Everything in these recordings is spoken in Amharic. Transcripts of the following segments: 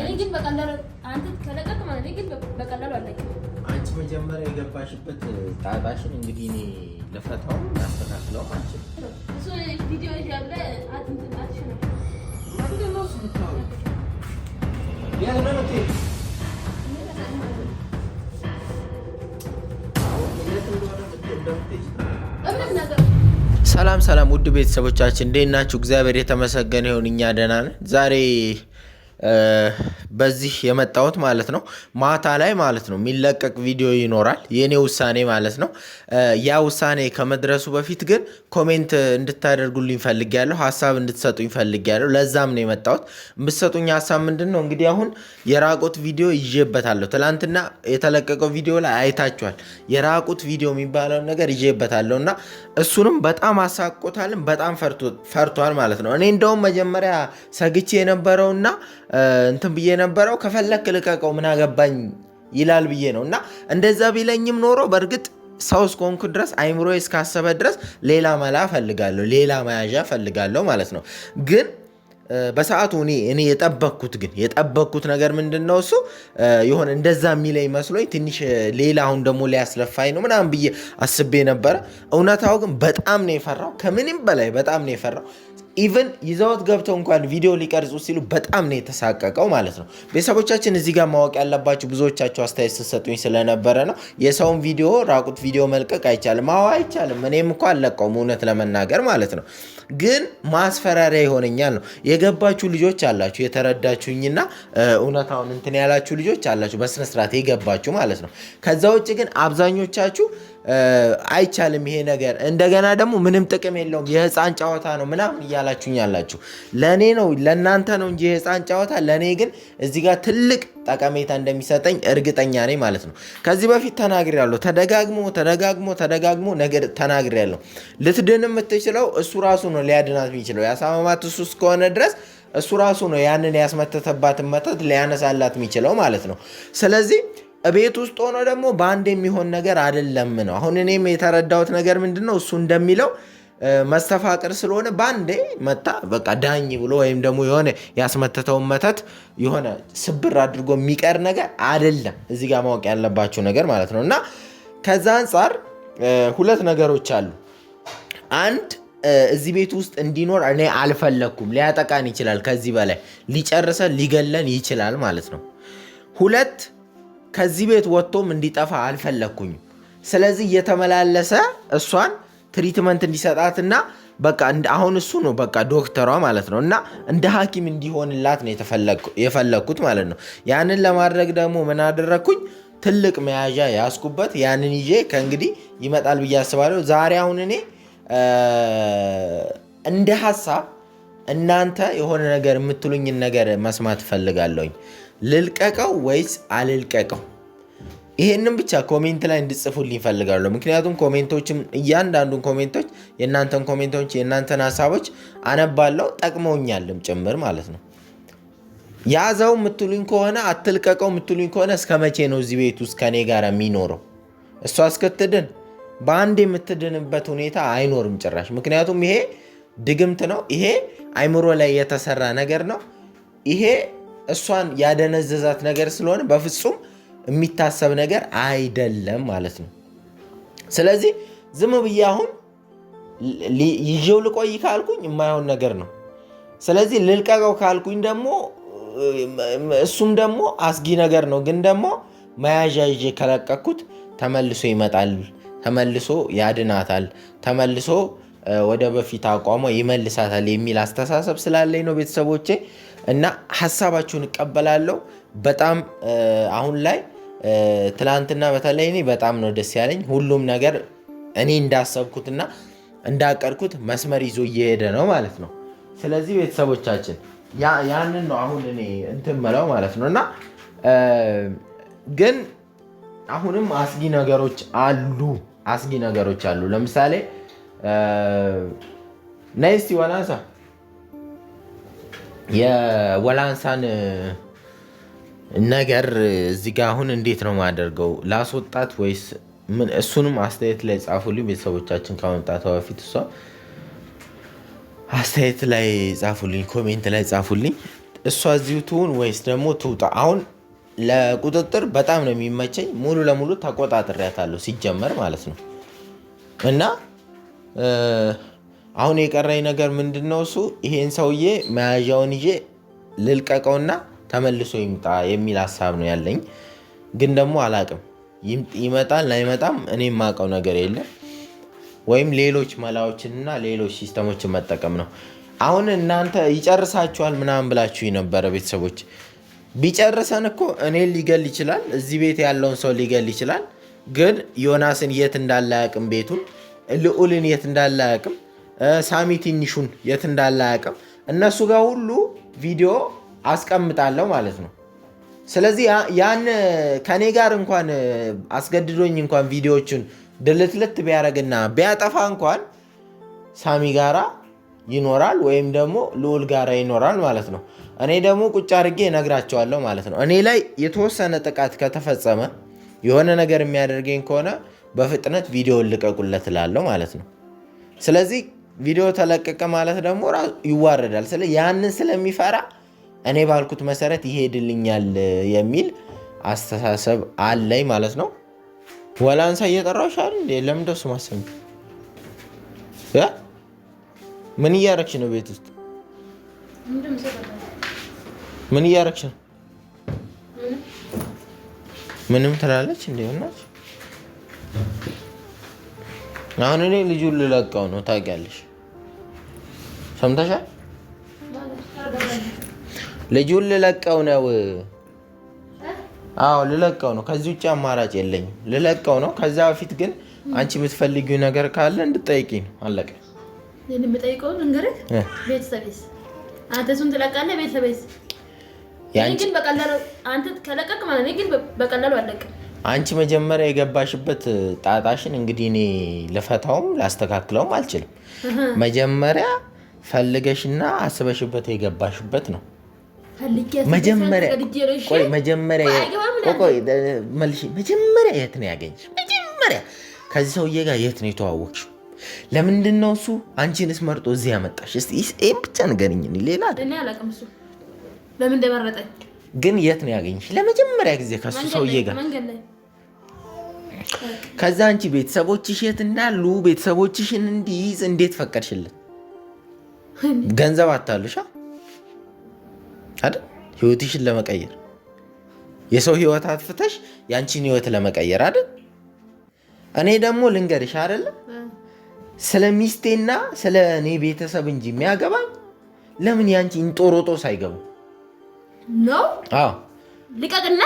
እኔ ግን በቀላሉ አንተ ማለት እኔ ግን በቀላሉ አንቺ መጀመሪያ የገባሽበት ጣጣሽን እንግዲህ እኔ ልፈታው ላስተካክለው። አንቺ እሱ ቪዲዮ አትንትናሽ ነው ሰላም ሰላም፣ ውድ ቤተሰቦቻችን እንዴት ናችሁ? እግዚአብሔር የተመሰገነ ይሁን፣ እኛ ደህና ነን። ዛሬ በዚህ የመጣሁት ማለት ነው። ማታ ላይ ማለት ነው የሚለቀቅ ቪዲዮ ይኖራል፣ የእኔ ውሳኔ ማለት ነው። ያ ውሳኔ ከመድረሱ በፊት ግን ኮሜንት እንድታደርጉልኝ ፈልጌያለሁ፣ ሀሳብ እንድትሰጡኝ ፈልጌያለሁ። ለዛም ነው የመጣሁት። የምትሰጡኝ ሀሳብ ምንድን ነው? እንግዲህ አሁን የራቁት ቪዲዮ ይዤበታለሁ። ትላንትና የተለቀቀው ቪዲዮ ላይ አይታችኋል። የራቁት ቪዲዮ የሚባለውን ነገር ይዤበታለሁ እና እሱንም በጣም አሳቆታልን በጣም ፈርቷል ማለት ነው። እኔ እንደውም መጀመሪያ ሰግቼ የነበረውና እንትን ብዬ የነበረው ከፈለክ ልቀቀው ምን አገባኝ ይላል ብዬ ነው እና እንደዛ ቢለኝም ኖሮ በእርግጥ ሰው እስከሆንኩ ድረስ አይምሮ እስካሰበ ድረስ ሌላ መላ ፈልጋለሁ፣ ሌላ መያዣ ፈልጋለሁ ማለት ነው ግን በሰዓቱ እኔ እኔ የጠበኩት ግን የጠበኩት ነገር ምንድን ነው እሱ የሆነ እንደዛ የሚለኝ መስሎኝ ትንሽ ሌላ አሁን ደግሞ ሊያስለፋኝ ነው ምናምን ብዬ አስቤ ነበረ። እውነታው ግን በጣም ነው የፈራው፣ ከምንም በላይ በጣም ነው የፈራው። ኢቨን ይዘውት ገብተው እንኳን ቪዲዮ ሊቀርጹ ሲሉ በጣም ነው የተሳቀቀው ማለት ነው። ቤተሰቦቻችን እዚህ ጋር ማወቅ ያለባችሁ ብዙዎቻችሁ አስተያየት ስትሰጡኝ ስለነበረ ነው። የሰውን ቪዲዮ ራቁት ቪዲዮ መልቀቅ አይቻልም። አዎ አይቻልም። እኔም እኮ አለቀውም እውነት ለመናገር ማለት ነው። ግን ማስፈራሪያ ይሆነኛል ነው። የገባችሁ ልጆች አላችሁ፣ የተረዳችሁኝና እውነታውን እንትን ያላችሁ ልጆች አላችሁ፣ በስነስርዓት የገባችሁ ማለት ነው። ከዛ ውጭ ግን አብዛኞቻችሁ አይቻልም ይሄ ነገር። እንደገና ደግሞ ምንም ጥቅም የለውም የህፃን ጨዋታ ነው ምናምን እያላችሁኝ ያላችሁ ለእኔ ነው ለእናንተ ነው እንጂ የህፃን ጨዋታ ለእኔ ግን እዚህ ጋር ትልቅ ጠቀሜታ እንደሚሰጠኝ እርግጠኛ ነኝ ማለት ነው። ከዚህ በፊት ተናግሬያለሁ። ተደጋግሞ ተደጋግሞ ተደጋግሞ ነገር ተናግሬያለሁ። ልትድን የምትችለው እሱ ራሱ ነው ሊያድናት የሚችለው ያሳመማት እሱ እስከሆነ ድረስ እሱ ራሱ ነው ያንን ያስመተተባትን መተት ሊያነሳላት የሚችለው ማለት ነው። ስለዚህ ቤት ውስጥ ሆኖ ደግሞ በአንድ የሚሆን ነገር አይደለም ነው። አሁን እኔም የተረዳሁት ነገር ምንድን ነው እሱ እንደሚለው መስተፋቅር ስለሆነ በአንዴ መታ በቃ ዳኝ ብሎ ወይም ደግሞ የሆነ ያስመተተውን መተት የሆነ ስብር አድርጎ የሚቀር ነገር አይደለም። እዚህ ጋር ማወቅ ያለባቸው ነገር ማለት ነው። እና ከዛ አንጻር ሁለት ነገሮች አሉ። አንድ እዚህ ቤት ውስጥ እንዲኖር እኔ አልፈለግኩም። ሊያጠቃን ይችላል፣ ከዚህ በላይ ሊጨርሰን ሊገለን ይችላል ማለት ነው። ሁለት ከዚህ ቤት ወጥቶም እንዲጠፋ አልፈለግኩኝም። ስለዚህ እየተመላለሰ እሷን ትሪትመንት እንዲሰጣትና በቃ አሁን እሱ ነው በቃ ዶክተሯ ማለት ነው እና እንደ ሐኪም እንዲሆንላት ነው የፈለግኩት ማለት ነው። ያንን ለማድረግ ደግሞ ምን አደረግኩኝ? ትልቅ መያዣ ያስኩበት ያንን ይዤ ከእንግዲህ ይመጣል ብዬ አስባለሁ። ዛሬ አሁን እኔ እንደ ሀሳብ እናንተ የሆነ ነገር የምትሉኝን ነገር መስማት እፈልጋለሁኝ። ልልቀቀው ወይስ አልልቀቀው? ይሄንም ብቻ ኮሜንት ላይ እንድጽፉልኝ ይፈልጋሉ። ምክንያቱም ኮሜንቶችም እያንዳንዱን ኮሜንቶች የእናንተን ኮሜንቶች የእናንተን ሀሳቦች አነባለው ጠቅመውኛልም ጭምር ማለት ነው። ያዘው የምትሉኝ ከሆነ አትልቀቀው የምትሉኝ ከሆነ እስከ መቼ ነው እዚህ ቤት ውስጥ ከኔ ጋር የሚኖረው? እሷ እስክትድን በአንድ የምትድንበት ሁኔታ አይኖርም ጭራሽ። ምክንያቱም ይሄ ድግምት ነው። ይሄ አይምሮ ላይ የተሰራ ነገር ነው። ይሄ እሷን ያደነዘዛት ነገር ስለሆነ በፍጹም የሚታሰብ ነገር አይደለም ማለት ነው። ስለዚህ ዝም ብዬ አሁን ይዤው ልቆይ ካልኩኝ የማይሆን ነገር ነው። ስለዚህ ልልቀቀው ካልኩኝ ደግሞ እሱም ደግሞ አስጊ ነገር ነው። ግን ደግሞ መያዣ ይዤ ከለቀኩት ተመልሶ ይመጣል፣ ተመልሶ ያድናታል፣ ተመልሶ ወደ በፊት አቋሟ ይመልሳታል የሚል አስተሳሰብ ስላለኝ ነው ቤተሰቦቼ እና ሀሳባችሁን እቀበላለሁ። በጣም አሁን ላይ ትላንትና በተለይ እኔ በጣም ነው ደስ ያለኝ። ሁሉም ነገር እኔ እንዳሰብኩትና እንዳቀድኩት መስመር ይዞ እየሄደ ነው ማለት ነው። ስለዚህ ቤተሰቦቻችን ያንን ነው አሁን እኔ እንትን ምለው ማለት ነው እና ግን አሁንም አስጊ ነገሮች አሉ። አስጊ ነገሮች አሉ። ለምሳሌ ናይስቲ ወላንሳ የወላንሳን ነገር እዚህ ጋ አሁን እንዴት ነው የማደርገው? ላስወጣት ወይስ ምን? እሱንም አስተያየት ላይ ጻፉልኝ ቤተሰቦቻችን። ከመምጣቷ በፊት እሷ አስተያየት ላይ ጻፉልኝ፣ ኮሜንት ላይ ጻፉልኝ። እሷ እዚሁ ትሁን ወይስ ደግሞ ትውጣ? አሁን ለቁጥጥር በጣም ነው የሚመቸኝ። ሙሉ ለሙሉ ተቆጣጥሬያታለሁ ሲጀመር ማለት ነው እና አሁን የቀረኝ ነገር ምንድን ነው? እሱ ይሄን ሰውዬ መያዣውን ይዤ ልልቀቀውና ተመልሶ ይምጣ የሚል ሀሳብ ነው ያለኝ። ግን ደግሞ አላቅም ይመጣል ላይመጣም፣ እኔ የማውቀው ነገር የለም። ወይም ሌሎች መላዎችንና ሌሎች ሲስተሞችን መጠቀም ነው። አሁን እናንተ ይጨርሳችኋል ምናምን ብላችሁ ነበረ ቤተሰቦች። ቢጨርሰን እኮ እኔን ሊገል ይችላል፣ እዚህ ቤት ያለውን ሰው ሊገል ይችላል። ግን ዮናስን የት እንዳለ አያውቅም፣ ቤቱን ልዑልን የት እንዳለ አያውቅም። ሳሚ ትንሹን የት እንዳለ አያውቅም። እነሱ ጋር ሁሉ ቪዲዮ አስቀምጣለሁ ማለት ነው። ስለዚህ ያን ከኔ ጋር እንኳን አስገድዶኝ እንኳን ቪዲዮዎቹን ድልትልት ቢያደርግና ቢያጠፋ እንኳን ሳሚ ጋራ ይኖራል ወይም ደግሞ ልዑል ጋራ ይኖራል ማለት ነው። እኔ ደግሞ ቁጭ አድርጌ እነግራቸዋለሁ ማለት ነው። እኔ ላይ የተወሰነ ጥቃት ከተፈጸመ የሆነ ነገር የሚያደርገኝ ከሆነ በፍጥነት ቪዲዮ ልቀቁለት እላለሁ ማለት ነው። ስለዚህ ቪዲዮ ተለቀቀ ማለት ደግሞ ይዋረዳል። ስለ ያንን ስለሚፈራ እኔ ባልኩት መሰረት ይሄድልኛል የሚል አስተሳሰብ አለኝ ማለት ነው። ወላንሳ እየጠራሁሽ አይደል እንዴ? ለምን ደሱ ማሰኝ ምን እያረግሽ ነው? ቤት ውስጥ ምን እያረግሽ ነው? ምንም ትላለች እንዴ? አሁን እኔ ልጁን ልለቀው ነው ታውቂያለሽ። ሰምተሻል? ልጁን ልለቀው ነው። አዎ ልለቀው ነው። ከዚህ ውጭ አማራጭ የለኝም። ልለቀው ነው። ከዛ በፊት ግን አንቺ የምትፈልጊው ነገር ካለ እንድጠይቂ ነው። አለቀ። አንቺ መጀመሪያ የገባሽበት ጣጣሽን እንግዲህ እኔ ልፈታውም ላስተካክለውም አልችልም። መጀመሪያ ፈልገሽና አስበሽበት የገባሽበት ነው። መጀመሪያ የት ነው ያገኝሽ? መጀመሪያ ከዚህ ሰውዬ ጋር የት ነው የተዋወቅሽ? ለምንድን ነው እሱ አንቺንስ መርጦ እዚህ ያመጣሽ? ይሄን ብቻ ንገሪኝ። ሌላ ግን የት ነው ያገኝሽ? ለመጀመሪያ ጊዜ ከሱ ሰውዬ ጋር ከዛ አንቺ ቤተሰቦችሽ የት እንዳሉ ቤተሰቦችሽን እንዲይዝ እንዴት ፈቀድሽለት? ገንዘብ አታልሻ አይደል? ህይወትሽን ለመቀየር የሰው ህይወት አትፍተሽ ያንቺን ህይወት ለመቀየር አይደል? እኔ ደግሞ ልንገርሽ አይደለ ስለ ሚስቴና ስለ እኔ ቤተሰብ እንጂ የሚያገባኝ ለምን ያንቺ እንጦሮጦስ ሳይገቡ ነው? አዎ ልቀቅና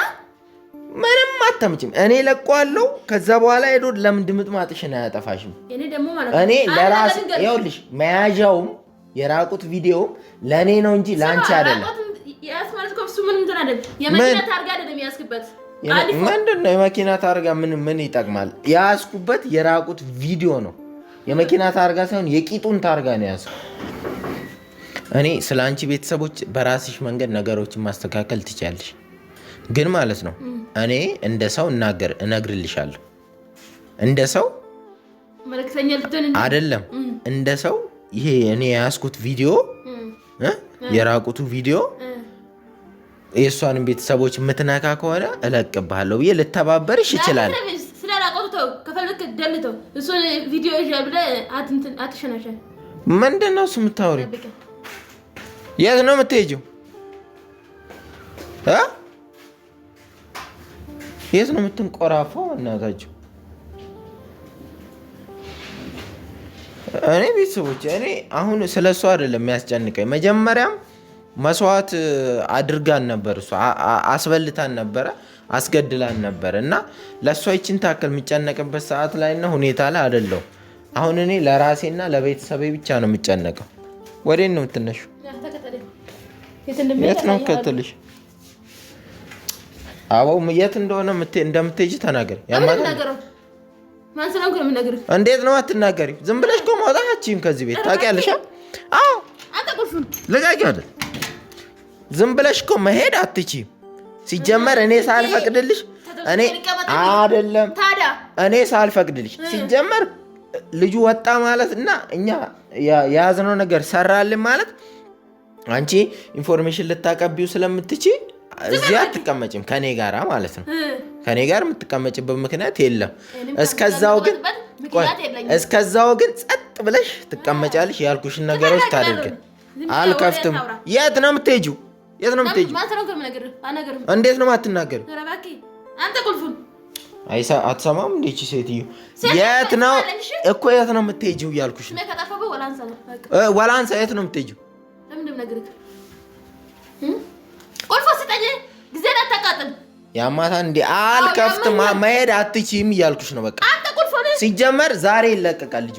ምንም አታምጪም። እኔ ለቋለው። ከዛ በኋላ ሄዶ ለምን ድምጥ ማጥሽን አያጠፋሽም? እኔ ደግሞ እኔ ለራስ ይኸውልሽ መያዣውም የራቁት ቪዲዮ ለእኔ ነው እንጂ ለአንቺ አይደለም። ምንድን ነው የመኪና ታርጋ ምን ምን ይጠቅማል? የያዝኩበት የራቁት ቪዲዮ ነው። የመኪና ታርጋ ሳይሆን የቂጡን ታርጋ ነው ያዝኩ። እኔ ስለ አንቺ ቤተሰቦች በራስሽ መንገድ ነገሮችን ማስተካከል ትችያለሽ። ግን ማለት ነው እኔ እንደ ሰው እናገር እነግርልሻለሁ። እንደ ሰው አይደለም እንደ ሰው ይሄ እኔ የያዝኩት ቪዲዮ የራቁቱ ቪዲዮ የእሷንም ቤተሰቦች የምትነካ ከሆነ እለቅብሃለሁ ብዬ ልተባበርሽ ይችላል። ምንድን ነው እሱ የምታወሪው? የት ነው የምትሄጂው? የት ነው የምትንቆራፈው? እናታቸው እኔ ቤተሰቦች እኔ አሁን ስለ እሱ አይደለም የሚያስጨንቀኝ። መጀመሪያም መስዋዕት አድርጋን ነበር፣ እሱ አስበልታን ነበረ፣ አስገድላን ነበር እና ለእሷ ይችን ታክል የሚጨነቅበት ሰዓት ላይና ሁኔታ ላይ አይደለሁም። አሁን እኔ ለራሴና ለቤተሰቤ ብቻ ነው የሚጨነቀው ወዴት ነው ትነሹ? የት ነው ከትልሽ? አበው የት እንደሆነ እንደምትሄጂ ተናገር። እንዴት ነው አትናገሪም? ዝም ብለሽ እኮ መውጣት አትችይም ከዚህ ቤት ታውቂያለሽ። አዎ ልቀቂው። ዝም ብለሽ እኮ መሄድ አትችይም። ሲጀመር እኔ ሳልፈቅድልሽ እኔ አይደለም እኔ ሳልፈቅድልሽ ሲጀመር ልጁ ወጣ ማለት እና እኛ የያዝነው ነገር ሰራልን ማለት አንቺ ኢንፎርሜሽን ልታቀቢው ስለምትች እዚህ አትቀመጭም ከኔ ጋራ ማለት ነው። ከኔ ጋር የምትቀመጭበት ምክንያት የለም። እስከዛው ግን እስከዛው ግን ጸጥ ብለሽ ትቀመጫለሽ። ያልኩሽን ነገሮች ታደርግ። አልከፍትም። የት ነው የምትሄጂው? የት ነው የምትሄጂው? እንዴት ነው የማትናገር? አትሰማም? እንዴች ሴትዮ የት ነው እኮ የት ነው የምትሄጂው እያልኩሽ ነው። ወላንሳ የት ነው የምትሄጂው? ቁልፎ ስጠኝ፣ ጊዜ አታቃጥል ያማታ እንደ አልከፍትም መሄድ አትችም እያልኩሽ ነው። በቃ ሲጀመር ዛሬ ይለቀቃል። ልጁ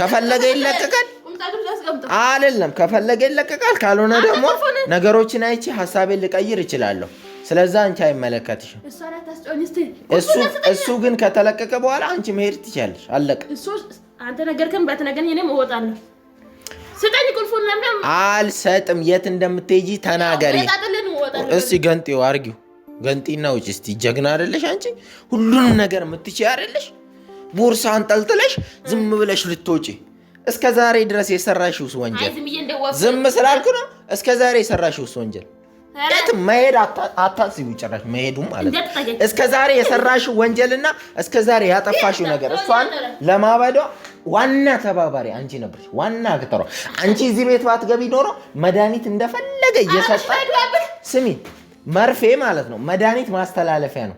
ከፈለገ ይለቀቃል አይደለም፣ ከፈለገ ይለቀቃል። ካልሆነ ደግሞ ነገሮችን አይቼ ሀሳቤን ልቀይር እችላለሁ። ስለዛ አንቺ አይመለከትሽም። እሱ ግን ከተለቀቀ በኋላ አንቺ መሄድ ትችያለሽ። አለቀ። አንተ ነገርከን ባትነገረኝ እኔም እወጣለሁ። አልሰጥም። የት እንደምትሄጂ ተናገሪ። እስቲ ገንጤው አርጊው ገንጢና ውጭ እስቲ። ጀግና አይደለሽ አንቺ? ሁሉንም ነገር የምትች አይደለሽ? ቦርሳ አንጠልጥለሽ ዝም ብለሽ ልትወጪ እስከ ዛሬ ድረስ የሰራሽውስ ወንጀል ዝም ስላልኩ ነው። እስከ ዛሬ የሰራሽውስ ወንጀል የትም መሄድ አታስቢው፣ ጭራሽ መሄዱ ማለት ነው። እስከ ዛሬ የሰራሽው ወንጀልና እስከ ዛሬ ያጠፋሽው ነገር እሷን ለማበዷ ዋና ተባባሪ አንቺ ነበርሽ፣ ዋና አክተሯ አንቺ። እዚህ ቤት ባትገቢ ኖሮ መድኃኒት እንደፈለገ እየሰጠ ስሚ፣ መርፌ ማለት ነው መድኃኒት ማስተላለፊያ ነው።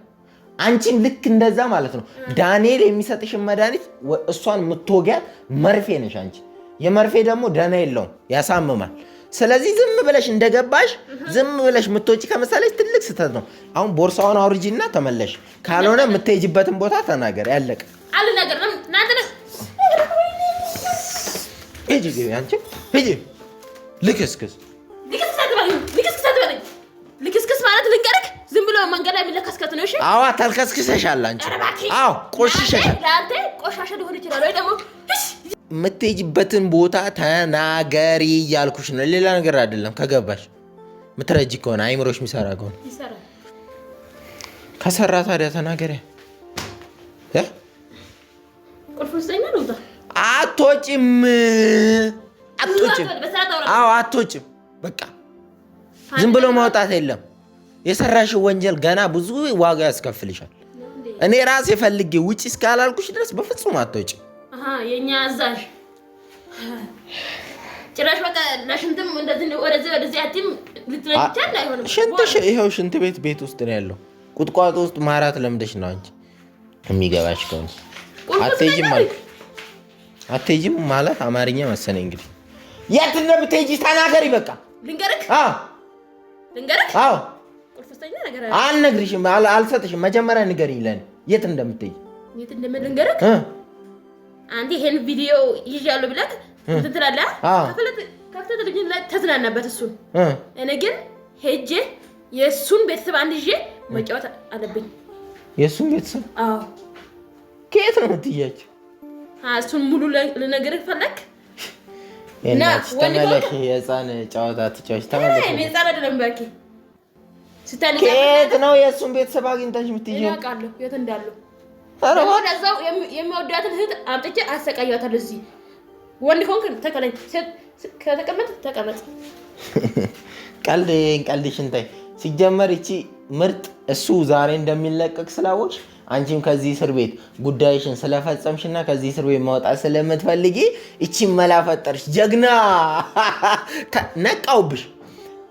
አንቺን ልክ እንደዛ ማለት ነው። ዳንኤል የሚሰጥሽን መድኃኒት እሷን የምትወጊያት መርፌ ነሽ አንቺ። የመርፌ ደግሞ ደህና የለውም ያሳምማል። ስለዚህ ዝም ብለሽ እንደገባሽ ዝም ብለሽ ምትወጪ ከመሰለሽ ትልቅ ስህተት ነው። አሁን ቦርሳውን አውርጂና ተመለሽ። ካልሆነ የምትሄጂበትን ቦታ ተናገር። ያለቀ ልክስክስ ልንገርህ፣ ዝም ብሎ መንገድ ላይ የሚለከስከት ነው። እሺ፣ አዎ፣ አንቺ። አዎ፣ ቆሽሸሻል። ለአንተ ቆሻሻ ሊሆን ይችላል ወይ ደግሞ የምትሄጂበትን ቦታ ተናገሪ እያልኩሽ ነው። ሌላ ነገር አይደለም። ከገባሽ ከሆነ አይምሮሽ የሚሰራ ከሆነ ከሰራ ታዲያ ተናገሪ። በቃ ዝም ብሎ ማውጣት የለም። የሰራሽው ወንጀል ገና ብዙ ዋጋ ያስከፍልሻል። እኔ ራሴ ፈልጌ ውጭ እስካላልኩሽ ድረስ በፍጹም አትወጪ። የኛ አዛዥ ጭራሽ በቃ ለሽንትም እንደዚህ ወደዚህ ወደዚህ አትይም። ሽንትሽ ይኸው ሽንት ቤት ቤት ውስጥ ነው ያለው። ቁጥቋጦ ውስጥ ማራት ለምደሽ ነው አንቺ የሚገባሽ ከሆነ አትሄጂም አልኩ። አትሄጂም ማለት አማርኛ መሰለኝ እንግዲህ የት እንደምትሄጂ ተናገሪ። በቃ ልንገርህ ልንገርህ። አልነግርሽም፣ አልሰጥሽም። መጀመሪያ ንገሪኝ ለን የት እንደምትይ የት እንደምል ንገረክ። አንተ ይሄን ቪዲዮ ይዣለሁ ብለህ እንትን ትላለህ። ከፍተህ ልጅ ላይ ተዝናናበት እሱን። እኔ ግን ሄጄ የእሱን ቤተሰብ አንድ ይዤ መጫወት አለብኝ። የእሱን ቤተሰብ አዎ። ከየት ነው የምትያቸው? እሱን ሙሉ ልነግርህ ፈለክ እና ወንድ ነው የህፃን ጨዋታ ትጫወች። ተመለስ። እኔ ህፃን አይደለም ባኪ ከየት ነው የእሱን ቤተሰብ አግኝተሽ የምትይው? አውቃለሁ የት እንዳለው እዛው የሚወዳትን እህት አምጥቼ አሰቃያታለሁ። እዚህ ወንድ ከሆንክ ተቀለኝ፣ ከተቀመጥ ተቀመጥ። ቀልድ ቀልድሽን ተይ። ሲጀመር ይቺ ምርጥ እሱ ዛሬ እንደሚለቀቅ ስላወቅሽ አንቺም ከዚህ እስር ቤት ጉዳይሽን ስለፈጸምሽና ከዚህ እስር ቤት ማውጣት ስለምትፈልጊ ይቺ መላ ፈጠርሽ። ጀግና ነቃውብሽ።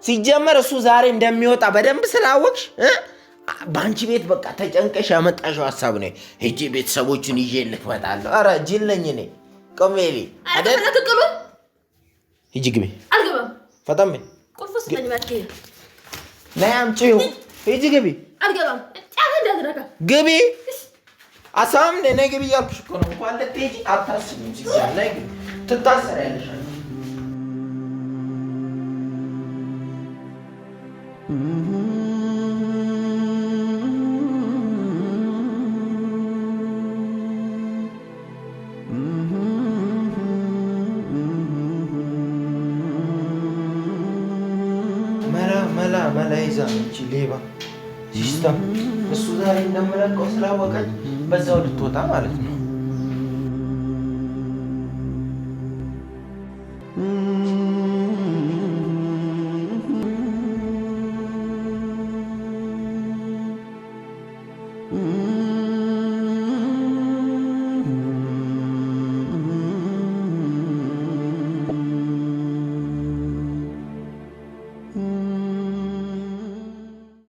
ሲጀመር እሱ ዛሬ እንደሚወጣ በደንብ ስላወቅሽ በአንቺ ቤት በቃ ተጨንቀሽ ያመጣሽው ሀሳብ ነው። ሂጂ ቤተሰቦቹን ይዤ ልትመጣለሁ። ኧረ ጅለኝ እኔ ቆሜሊ ሂጂ ግቢ አልገባም። ፈጠን በይ ቁልፍ ነይ አምጪው። ሂጂ ግቢ ግቢ አሳም ነይ ግቢ እያልኩሽ እኮ ነው። እንኳን ልትሄጂ አታስቢም። ነይ ግቢ ትታሰሪያለሽ። እንደምለቀው ስላወቀች በዛው ልትወጣ ማለት ነው።